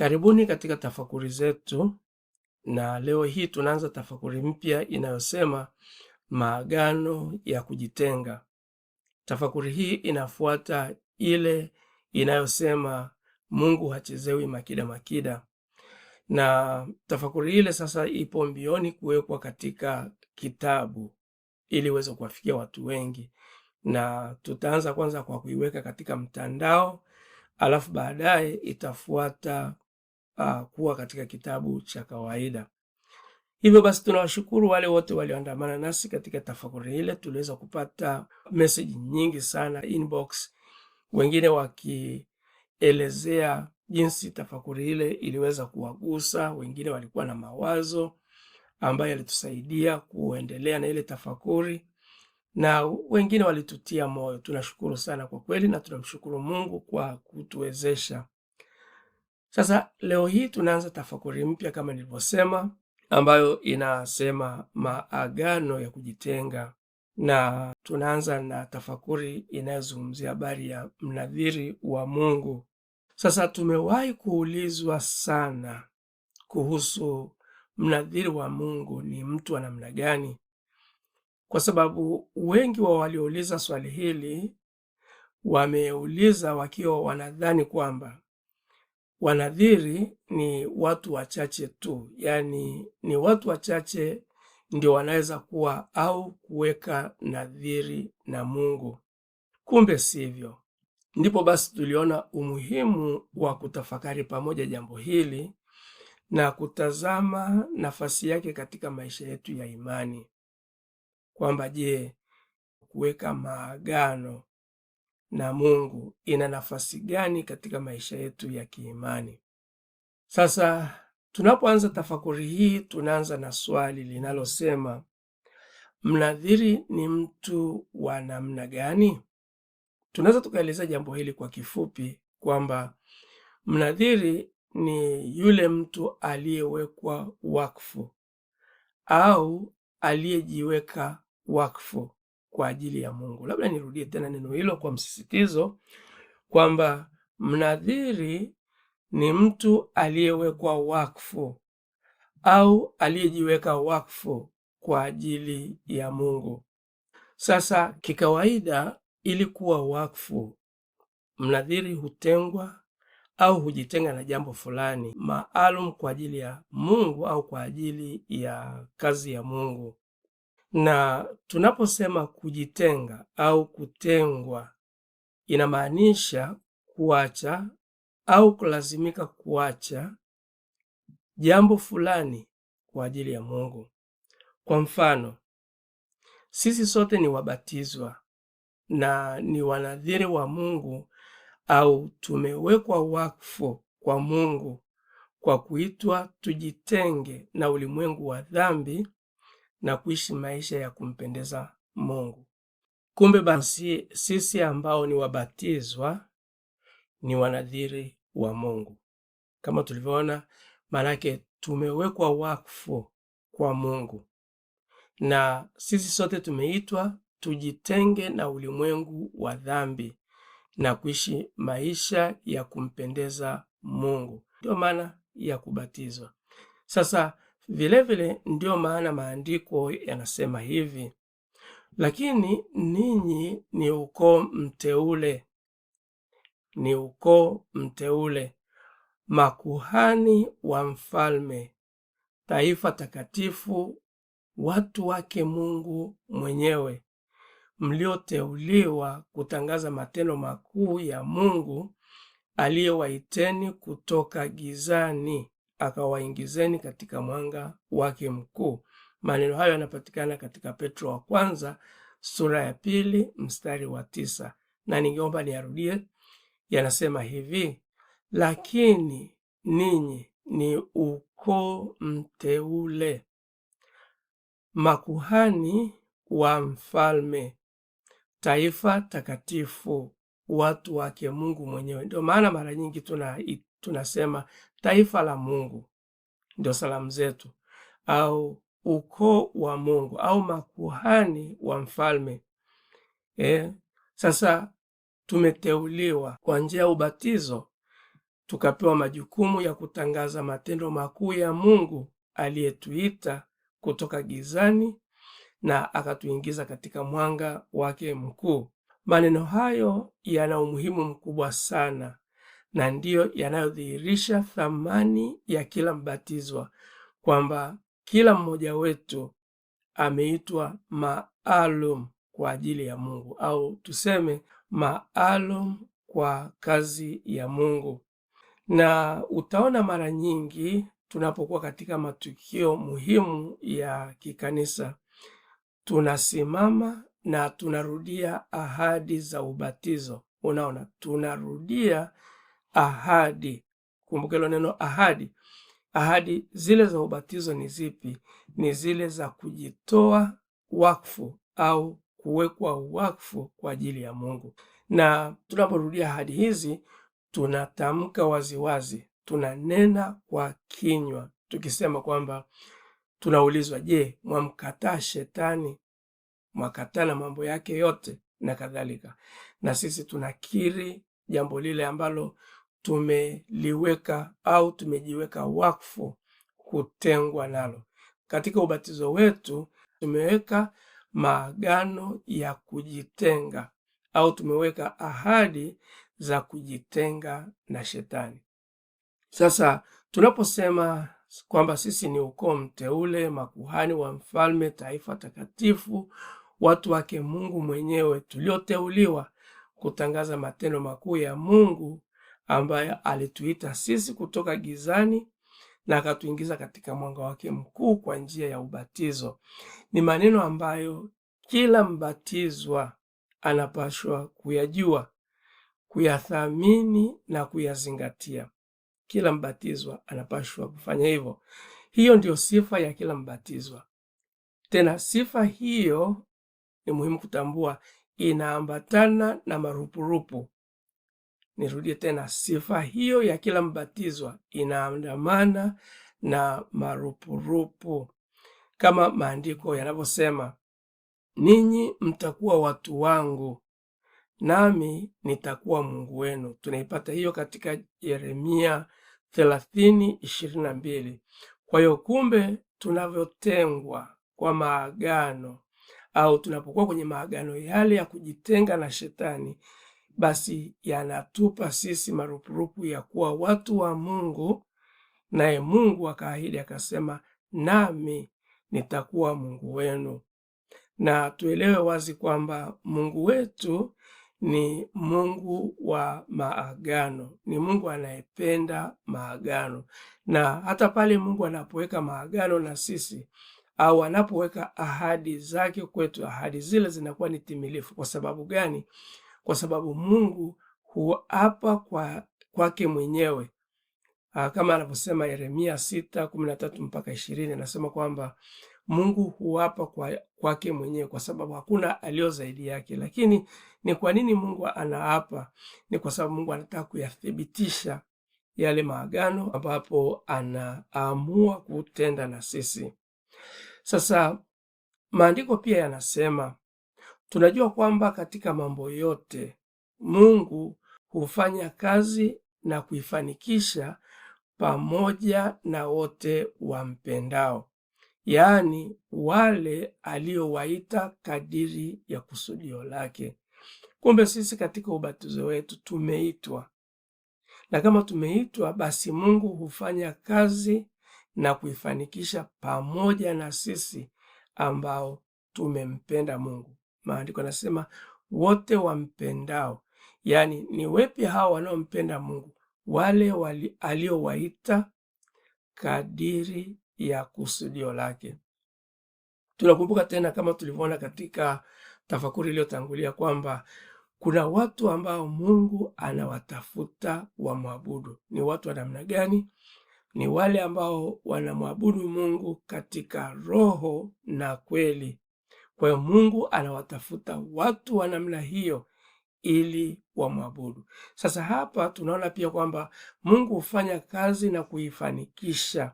Karibuni katika tafakuri zetu, na leo hii tunaanza tafakuri mpya inayosema maagano ya kujitenga. Tafakuri hii inafuata ile inayosema Mungu hachezewi makida makida, na tafakuri ile sasa ipo mbioni kuwekwa katika kitabu ili iweze kuwafikia watu wengi, na tutaanza kwanza kwa kuiweka katika mtandao, alafu baadaye itafuata uh, kuwa katika kitabu cha kawaida. Hivyo basi tunawashukuru wale wote walioandamana nasi katika tafakuri ile. Tuliweza kupata meseji nyingi sana inbox, wengine wakielezea jinsi tafakuri ile iliweza kuwagusa, wengine walikuwa na mawazo ambayo yalitusaidia kuendelea na ile tafakuri na wengine walitutia moyo. Tunashukuru sana kwa kweli, na tunamshukuru Mungu kwa kutuwezesha sasa leo hii tunaanza tafakuri mpya kama nilivyosema, ambayo inasema maagano ya kujitenga, na tunaanza na tafakuri inayozungumzia habari ya mnadhiri wa Mungu. Sasa tumewahi kuulizwa sana kuhusu mnadhiri wa Mungu ni mtu wa namna gani, kwa sababu wengi wa waliouliza swali hili wameuliza wakiwa wanadhani kwamba Wanadhiri ni watu wachache tu, yaani ni watu wachache ndio wanaweza kuwa au kuweka nadhiri na Mungu, kumbe sivyo. Ndipo basi tuliona umuhimu wa kutafakari pamoja jambo hili na kutazama nafasi yake katika maisha yetu ya imani, kwamba je, kuweka maagano na Mungu ina nafasi gani katika maisha yetu ya kiimani? Sasa tunapoanza tafakuri hii, tunaanza na swali linalosema mnadhiri ni mtu wa namna gani? Tunaweza tukaeleza jambo hili kwa kifupi kwamba mnadhiri ni yule mtu aliyewekwa wakfu au aliyejiweka wakfu kwa ajili ya Mungu. Labda nirudie tena neno hilo kwa msisitizo kwamba mnadhiri ni mtu aliyewekwa wakfu au aliyejiweka wakfu kwa ajili ya Mungu. Sasa kikawaida, ili kuwa wakfu, mnadhiri hutengwa au hujitenga na jambo fulani maalum kwa ajili ya Mungu au kwa ajili ya kazi ya Mungu. Na tunaposema kujitenga au kutengwa, inamaanisha kuacha au kulazimika kuacha jambo fulani kwa ajili ya Mungu. Kwa mfano, sisi sote ni wabatizwa na ni wanadhiri wa Mungu au tumewekwa wakfu kwa Mungu kwa kuitwa tujitenge na ulimwengu wa dhambi na kuishi maisha ya kumpendeza Mungu. Kumbe basi sisi ambao ni wabatizwa ni wanadhiri wa Mungu kama tulivyoona, maanake tumewekwa wakfu kwa Mungu, na sisi sote tumeitwa tujitenge na ulimwengu wa dhambi na kuishi maisha ya kumpendeza Mungu. Ndio maana ya kubatizwa. Sasa Vilevile ndiyo maana maandiko yanasema hivi, lakini ninyi ni ukoo mteule, ni ukoo mteule, makuhani wa mfalme, taifa takatifu, watu wake Mungu mwenyewe, mlioteuliwa kutangaza matendo makuu ya Mungu aliyewaiteni kutoka gizani akawaingizeni katika mwanga wake mkuu. Maneno hayo yanapatikana katika Petro wa kwanza sura ya pili mstari wa tisa, na ningeomba niyarudie. Yanasema hivi: lakini ninyi ni ukoo mteule, makuhani wa mfalme, taifa takatifu, watu wake Mungu mwenyewe. Ndio maana mara nyingi tuna, tunasema taifa la Mungu, ndio salamu zetu, au ukoo wa Mungu au makuhani wa mfalme e. Sasa tumeteuliwa kwa njia ya ubatizo tukapewa majukumu ya kutangaza matendo makuu ya Mungu aliyetuita kutoka gizani na akatuingiza katika mwanga wake mkuu. Maneno hayo yana umuhimu mkubwa sana na ndiyo yanayodhihirisha thamani ya kila mbatizwa, kwamba kila mmoja wetu ameitwa maalum kwa ajili ya Mungu au tuseme maalum kwa kazi ya Mungu. Na utaona mara nyingi tunapokuwa katika matukio muhimu ya kikanisa, tunasimama na tunarudia ahadi za ubatizo. Unaona, tunarudia ahadi. Kumbuka hilo neno ahadi. Ahadi zile za ubatizo ni zipi? Ni zile za kujitoa wakfu au kuwekwa wakfu kwa ajili ya Mungu. Na tunaporudia ahadi hizi, tunatamka waziwazi, tunanena kwa kinywa, tukisema kwamba tunaulizwa, je, mwamkataa shetani? Mwakataa na mambo yake yote na kadhalika. Na sisi tunakiri jambo lile ambalo tumeliweka au tumejiweka wakfu kutengwa nalo. Katika ubatizo wetu tumeweka maagano ya kujitenga au tumeweka ahadi za kujitenga na Shetani. Sasa tunaposema kwamba sisi ni ukoo mteule, makuhani wa mfalme, taifa takatifu, watu wake Mungu mwenyewe, tulioteuliwa kutangaza matendo makuu ya Mungu ambaye alituita sisi kutoka gizani na akatuingiza katika mwanga wake mkuu kwa njia ya ubatizo. Ni maneno ambayo kila mbatizwa anapashwa kuyajua, kuyathamini na kuyazingatia. Kila mbatizwa anapashwa kufanya hivyo. Hiyo ndiyo sifa ya kila mbatizwa. Tena sifa hiyo ni muhimu kutambua, inaambatana na marupurupu Nirudie tena, sifa hiyo ya kila mbatizwa inaandamana na marupurupu kama maandiko yanavyosema, ninyi mtakuwa watu wangu nami nitakuwa Mungu wenu. Tunaipata hiyo katika Yeremia thelathini na Kwa hiyo kumbe, tunavyotengwa kwa maagano au tunapokuwa kwenye maagano yale ya kujitenga na shetani basi yanatupa sisi marupurupu ya kuwa watu wa Mungu, naye Mungu akaahidi akasema, nami nitakuwa Mungu wenu. Na tuelewe wazi kwamba Mungu wetu ni Mungu wa maagano, ni Mungu anayependa maagano, na hata pale Mungu anapoweka maagano na sisi au anapoweka ahadi zake kwetu, ahadi zile zinakuwa ni timilifu. Kwa sababu gani? kwa sababu Mungu huapa kwa kwake mwenyewe ah, kama anavyosema Yeremia sita kumi na tatu mpaka ishirini anasema kwamba Mungu huapa kwake mwenyewe kwa sababu hakuna aliyo zaidi yake. Lakini ni kwa nini Mungu anaapa? Ni kwa sababu Mungu anataka kuyathibitisha yale maagano ambapo anaamua kutenda na sisi. Sasa maandiko pia yanasema Tunajua kwamba katika mambo yote Mungu hufanya kazi na kuifanikisha pamoja na wote wampendao, yaani wale aliowaita kadiri ya kusudio lake. Kumbe sisi katika ubatizo wetu tumeitwa, na kama tumeitwa, basi Mungu hufanya kazi na kuifanikisha pamoja na sisi ambao tumempenda Mungu maandiko anasema wote wampendao, yaani ni wepi hao wanaompenda Mungu? Wale aliowaita kadiri ya kusudio lake. Tunakumbuka tena kama tulivyoona katika tafakuri iliyotangulia kwamba kuna watu ambao Mungu anawatafuta wamwabudu. Ni watu wa namna gani? Ni wale ambao wanamwabudu Mungu katika roho na kweli. Kwa hiyo Mungu anawatafuta watu wa namna hiyo ili wamwabudu. Sasa hapa tunaona pia kwamba Mungu hufanya kazi na kuifanikisha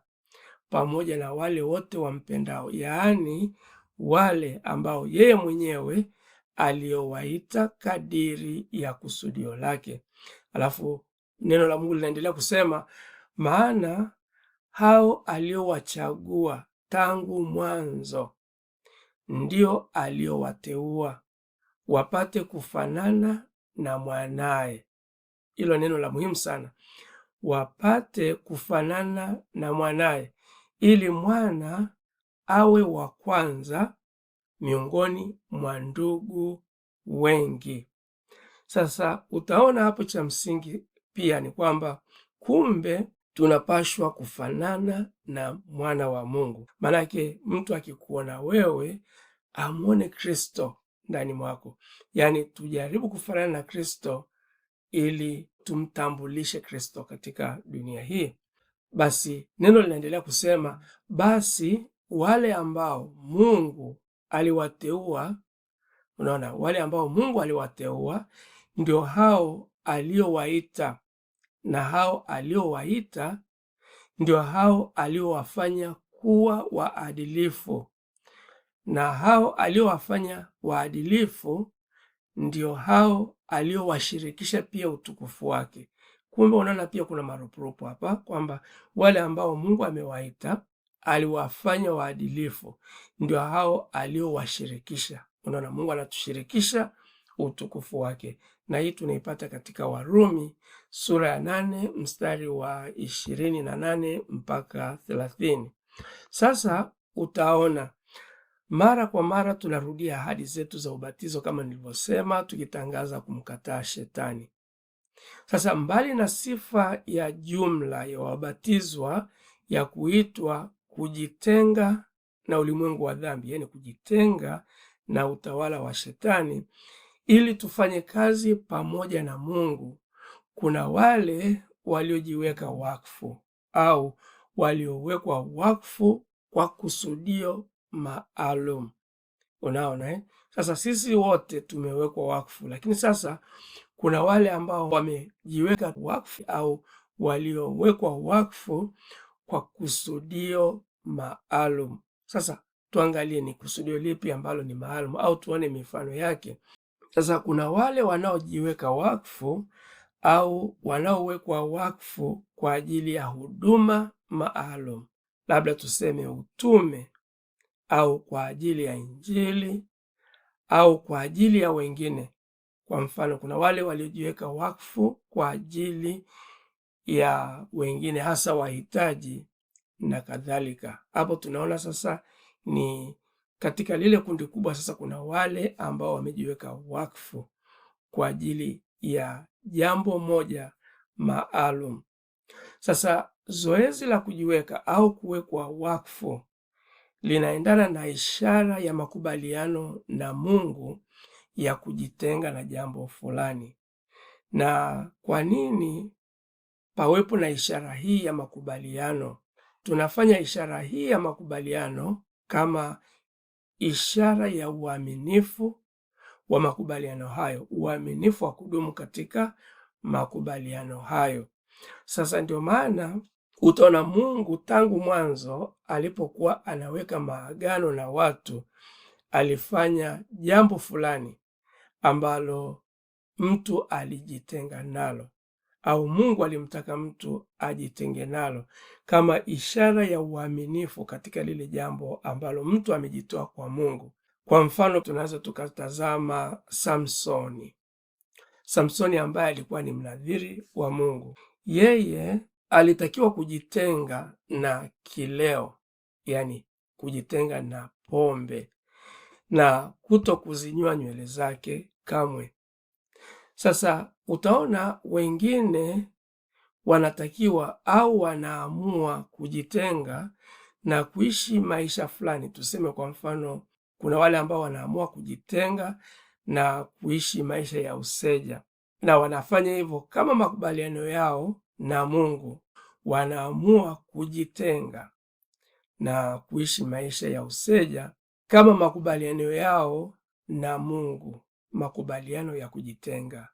pamoja na wale wote wampendao, yaani wale ambao yeye mwenyewe aliyowaita kadiri ya kusudio lake. Alafu neno la Mungu linaendelea kusema, maana hao aliowachagua tangu mwanzo ndio aliyowateua wapate kufanana na mwanaye. Hilo neno la muhimu sana, wapate kufanana na mwanaye, ili mwana awe wa kwanza miongoni mwa ndugu wengi. Sasa utaona hapo, cha msingi pia ni kwamba kumbe tunapashwa kufanana na mwana wa Mungu. Maanake mtu akikuona wewe amwone Kristo ndani mwako, yaani tujaribu kufanana na Kristo ili tumtambulishe Kristo katika dunia hii. Basi neno linaendelea kusema, basi wale ambao Mungu aliwateua. Unaona, wale ambao Mungu aliwateua ndio hao aliowaita na hao aliowaita ndio hao aliowafanya kuwa waadilifu, na hao aliowafanya waadilifu ndio hao aliowashirikisha pia utukufu wake. Kumbe unaona pia kuna marupurupu hapa kwamba wale ambao Mungu amewaita aliwafanya waadilifu ndio hao aliowashirikisha. Unaona, Mungu anatushirikisha utukufu wake na hii tunaipata katika Warumi sura ya nane mstari wa ishirini na nane mpaka thelathini. Sasa utaona mara kwa mara tunarudia ahadi zetu za ubatizo kama nilivyosema, tukitangaza kumkataa Shetani. Sasa mbali na sifa ya jumla ya wabatizwa ya kuitwa kujitenga na ulimwengu wa dhambi, yaani kujitenga na utawala wa Shetani, ili tufanye kazi pamoja na Mungu. Kuna wale waliojiweka wakfu au waliowekwa wakfu kwa kusudio maalum. Unaona eh? Sasa sisi wote tumewekwa wakfu, lakini sasa kuna wale ambao wamejiweka wakfu au waliowekwa wakfu kwa kusudio maalum. Sasa tuangalie ni kusudio lipi ambalo ni maalum, au tuone mifano yake. Sasa kuna wale wanaojiweka wakfu au wanaowekwa wakfu kwa ajili ya huduma maalum, labda tuseme utume, au kwa ajili ya Injili au kwa ajili ya wengine. Kwa mfano, kuna wale waliojiweka wakfu kwa ajili ya wengine, hasa wahitaji na kadhalika. Hapo tunaona sasa ni katika lile kundi kubwa sasa kuna wale ambao wamejiweka wakfu kwa ajili ya jambo moja maalum. Sasa zoezi la kujiweka au kuwekwa wakfu linaendana na ishara ya makubaliano na Mungu ya kujitenga na jambo fulani. Na kwa nini pawepo na ishara hii ya makubaliano? Tunafanya ishara hii ya makubaliano kama ishara ya uaminifu wa makubaliano hayo, uaminifu wa kudumu katika makubaliano hayo. Sasa ndio maana utaona Mungu tangu mwanzo alipokuwa anaweka maagano na watu, alifanya jambo fulani ambalo mtu alijitenga nalo, au Mungu alimtaka mtu ajitenge nalo kama ishara ya uaminifu katika lile jambo ambalo mtu amejitoa kwa Mungu. Kwa mfano, tunaweza tukatazama Samsoni. Samsoni ambaye alikuwa ni mnadhiri wa Mungu, yeye alitakiwa kujitenga na kileo, yani kujitenga na pombe na kuto kuzinywa nywele zake kamwe sasa utaona wengine wanatakiwa au wanaamua kujitenga na kuishi maisha fulani. Tuseme kwa mfano, kuna wale ambao wanaamua kujitenga na kuishi maisha ya useja, na wanafanya hivyo kama makubaliano yao na Mungu. Wanaamua kujitenga na kuishi maisha ya useja kama makubaliano yao na Mungu makubaliano ya kujitenga.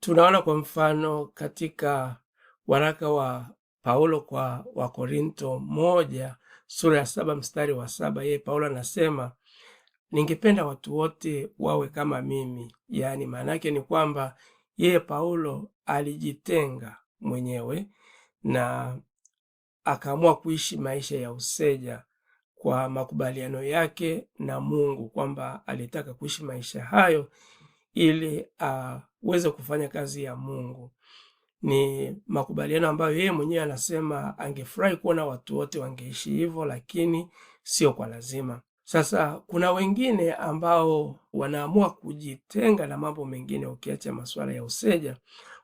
Tunaona kwa mfano katika waraka wa Paulo kwa Wakorinto moja sura ya saba mstari wa saba yeye Paulo anasema ningependa watu wote wawe kama mimi. Yaani maana yake ni kwamba yeye Paulo alijitenga mwenyewe na akaamua kuishi maisha ya useja kwa makubaliano yake na Mungu kwamba alitaka kuishi maisha hayo ili aweze uh, kufanya kazi ya Mungu. Ni makubaliano ambayo yeye mwenyewe anasema angefurahi kuona watu wote wangeishi hivyo, lakini sio kwa lazima. Sasa kuna wengine ambao wanaamua kujitenga na mambo mengine, ukiacha masuala ya useja.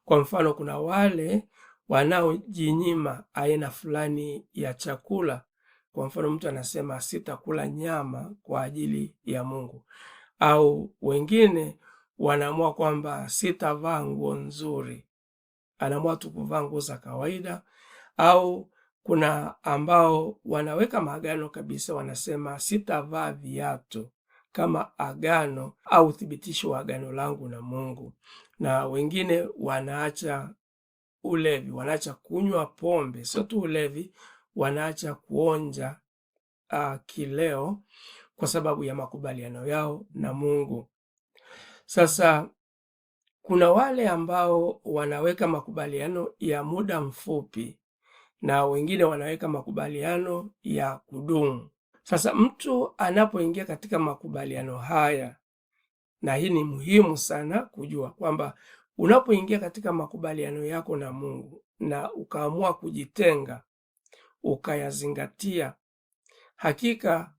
Kwa mfano, kuna wale wanaojinyima aina fulani ya chakula kwa mfano mtu anasema sitakula nyama kwa ajili ya Mungu, au wengine wanaamua kwamba sitavaa nguo nzuri, anaamua tu kuvaa nguo za kawaida, au kuna ambao wanaweka maagano kabisa, wanasema sitavaa viatu kama agano au uthibitisho wa agano langu na Mungu. Na wengine wanaacha ulevi, wanaacha kunywa pombe, sio tu ulevi, wanaacha kuonja uh, kileo kwa sababu ya makubaliano yao na Mungu. Sasa kuna wale ambao wanaweka makubaliano ya muda mfupi na wengine wanaweka makubaliano ya kudumu. Sasa mtu anapoingia katika makubaliano haya, na hii ni muhimu sana kujua kwamba unapoingia katika makubaliano yako na Mungu na ukaamua kujitenga, ukayazingatia, hakika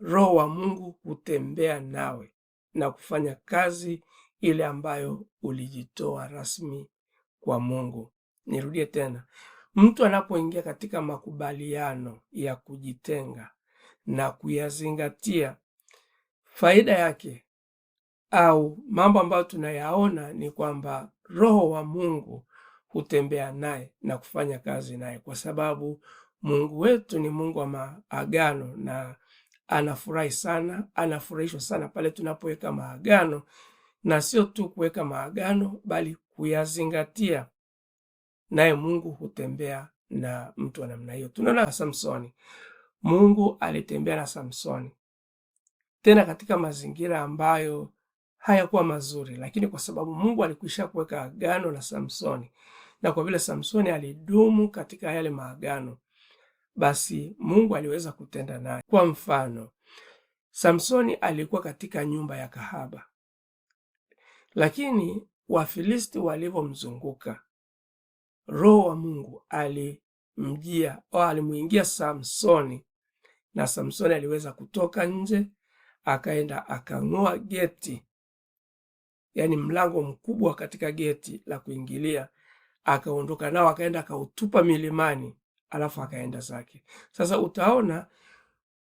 Roho wa Mungu hutembea nawe na kufanya kazi ile ambayo ulijitoa rasmi kwa Mungu. Nirudie tena, mtu anapoingia katika makubaliano ya kujitenga na kuyazingatia, faida yake au mambo ambayo tunayaona ni kwamba Roho wa Mungu hutembea naye na kufanya kazi naye kwa sababu Mungu wetu ni Mungu wa maagano na anafurahi sana, anafurahishwa sana pale tunapoweka maagano, na sio tu kuweka maagano, bali kuyazingatia. Naye Mungu hutembea na mtu wa namna hiyo. Tunaona Samsoni, Mungu alitembea na Samsoni tena katika mazingira ambayo hayakuwa mazuri, lakini kwa sababu Mungu alikwisha kuweka agano na Samsoni, na kwa vile Samsoni alidumu katika yale maagano, basi Mungu aliweza kutenda naye. Kwa mfano, Samsoni alikuwa katika nyumba ya kahaba, lakini Wafilisti walivyomzunguka, Roho wa Mungu alimjia au alimuingia Samsoni, na Samsoni aliweza kutoka nje, akaenda akang'oa geti, yaani mlango mkubwa katika geti la kuingilia, akaondoka nao, akaenda akautupa milimani alafu akaenda zake. Sasa utaona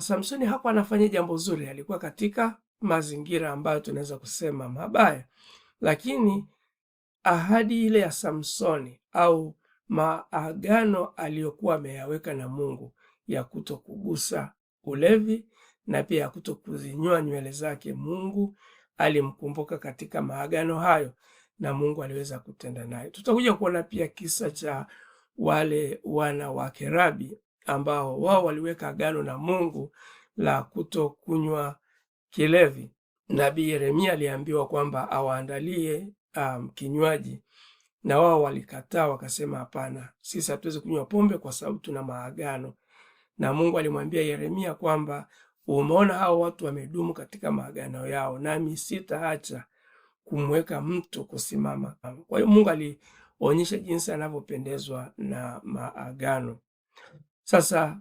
Samsoni hakuwa anafanya jambo zuri, alikuwa katika mazingira ambayo tunaweza kusema mabaya, lakini ahadi ile ya Samsoni au maagano aliyokuwa ameyaweka na Mungu ya kugusa ulevi na pia ya kuzinywa nywele zake, Mungu alimkumbuka katika maagano hayo na Mungu aliweza kutenda naye. Tutakuja kuona pia kisa cha wale wana wa Kerabi ambao wao waliweka agano na Mungu la kutokunywa kilevi. Nabii Yeremia aliambiwa kwamba awaandalie um, kinywaji, na wao walikataa, wakasema hapana, sisi hatuwezi kunywa pombe kwa sababu tuna maagano na Mungu. Alimwambia Yeremia kwamba umeona hao watu wamedumu katika maagano yao, nami sitaacha kumweka mtu kusimama. Kwa hiyo Mungu ali waonyeshe jinsi anavyopendezwa na maagano. Sasa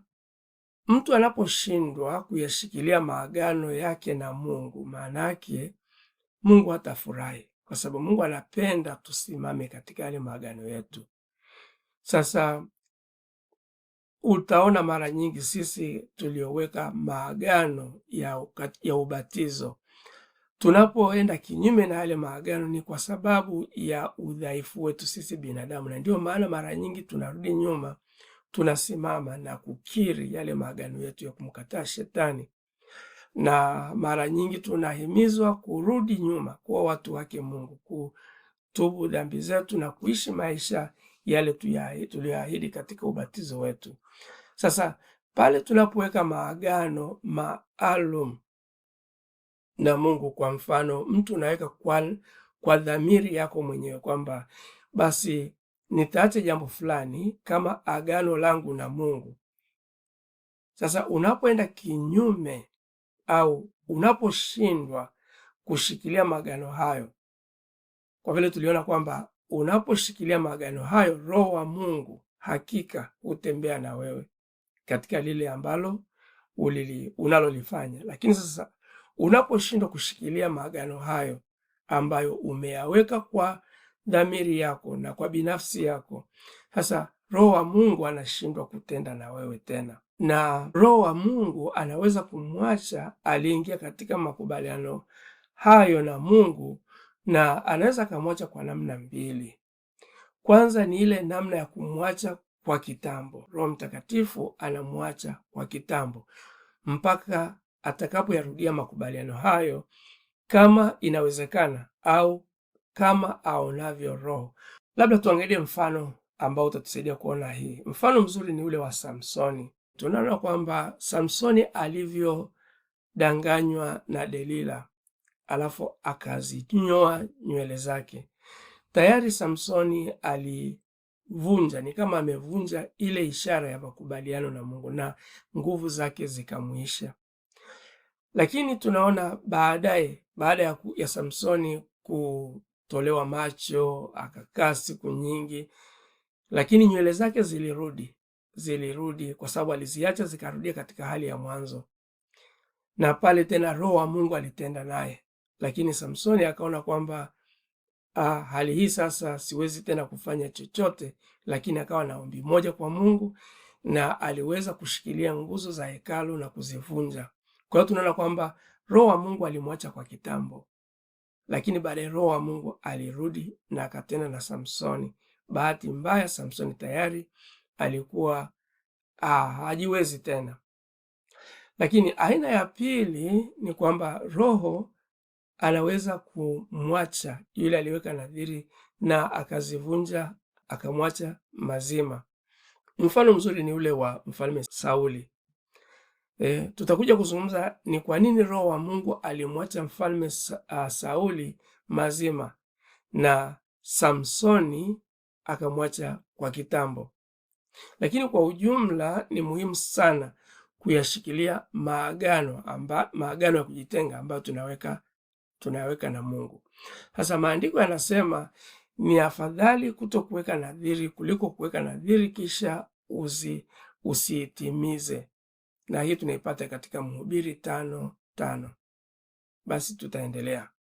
mtu anaposhindwa kuyashikilia maagano yake na Mungu, maana yake Mungu hatafurahi, kwa sababu Mungu anapenda tusimame katika yale maagano yetu. Sasa utaona mara nyingi sisi tulioweka maagano ya, ya ubatizo Tunapoenda kinyume na yale maagano ni kwa sababu ya udhaifu wetu sisi binadamu, na ndio maana mara nyingi tunarudi nyuma, tunasimama na kukiri yale maagano yetu ya kumkataa Shetani, na mara nyingi tunahimizwa kurudi nyuma, kuwa watu wake Mungu, kutubu dhambi zetu na kuishi maisha yale tuliyoahidi katika ubatizo wetu. Sasa pale tunapoweka maagano maalum na Mungu. Kwa mfano mtu unaweka kwa, kwa dhamiri yako mwenyewe kwamba basi nitaache jambo fulani kama agano langu na Mungu. Sasa unapoenda kinyume au unaposhindwa kushikilia magano hayo, kwa vile tuliona kwamba unaposhikilia magano hayo, Roho wa Mungu hakika hutembea na wewe katika lile ambalo ulili unalolifanya. Lakini sasa unaposhindwa kushikilia maagano hayo ambayo umeyaweka kwa dhamiri yako na kwa binafsi yako, sasa Roho wa Mungu anashindwa kutenda na wewe tena, na Roho wa Mungu anaweza kumwacha aliyeingia katika makubaliano hayo na Mungu, na anaweza akamwacha kwa namna mbili. Kwanza ni ile namna ya kumwacha kwa kitambo. Roho Mtakatifu anamwacha kwa kitambo mpaka atakapoyarudia makubaliano hayo kama inawezekana au kama aonavyo Roho. Labda tuangalie mfano ambao utatusaidia kuona hii. Mfano mzuri ni ule wa Samsoni. Tunaona kwamba Samsoni alivyodanganywa na Delila alafu akazinyoa nywele zake, tayari Samsoni alivunja, ni kama amevunja ile ishara ya makubaliano na Mungu na nguvu zake zikamwisha. Lakini tunaona baadaye, baada ya, ya Samsoni kutolewa macho akakaa siku nyingi, lakini nywele zake zilirudi, zilirudi kwa sababu aliziacha zikarudia katika hali ya mwanzo, na pale tena Roho wa Mungu alitenda naye, lakini Samsoni akaona kwamba ah, hali hii sasa siwezi tena kufanya chochote, lakini akawa na ombi moja kwa Mungu na aliweza kushikilia nguzo za hekalu na kuzivunja kwa hiyo tunaona kwamba roho wa Mungu alimwacha kwa kitambo, lakini baadaye roho wa Mungu alirudi na akatenda na Samsoni. Bahati mbaya, Samsoni tayari alikuwa ah, hajiwezi tena. Lakini aina ya pili ni kwamba roho anaweza kumwacha yule aliweka nadhiri na akazivunja, akamwacha mazima. Mfano mzuri ni ule wa mfalme Sauli. E, tutakuja kuzungumza ni kwa nini Roho wa Mungu alimwacha mfalme sa, ah, Sauli mazima na Samsoni akamwacha kwa kitambo. Lakini kwa ujumla ni muhimu sana kuyashikilia maagano amba, maagano ya kujitenga ambayo tunaweka tunayaweka na Mungu. Sasa maandiko yanasema ni afadhali kuto kuweka nadhiri kuliko kuweka nadhiri kisha uzi usiitimize na hii tunaipata katika Mhubiri tano tano. Basi tutaendelea.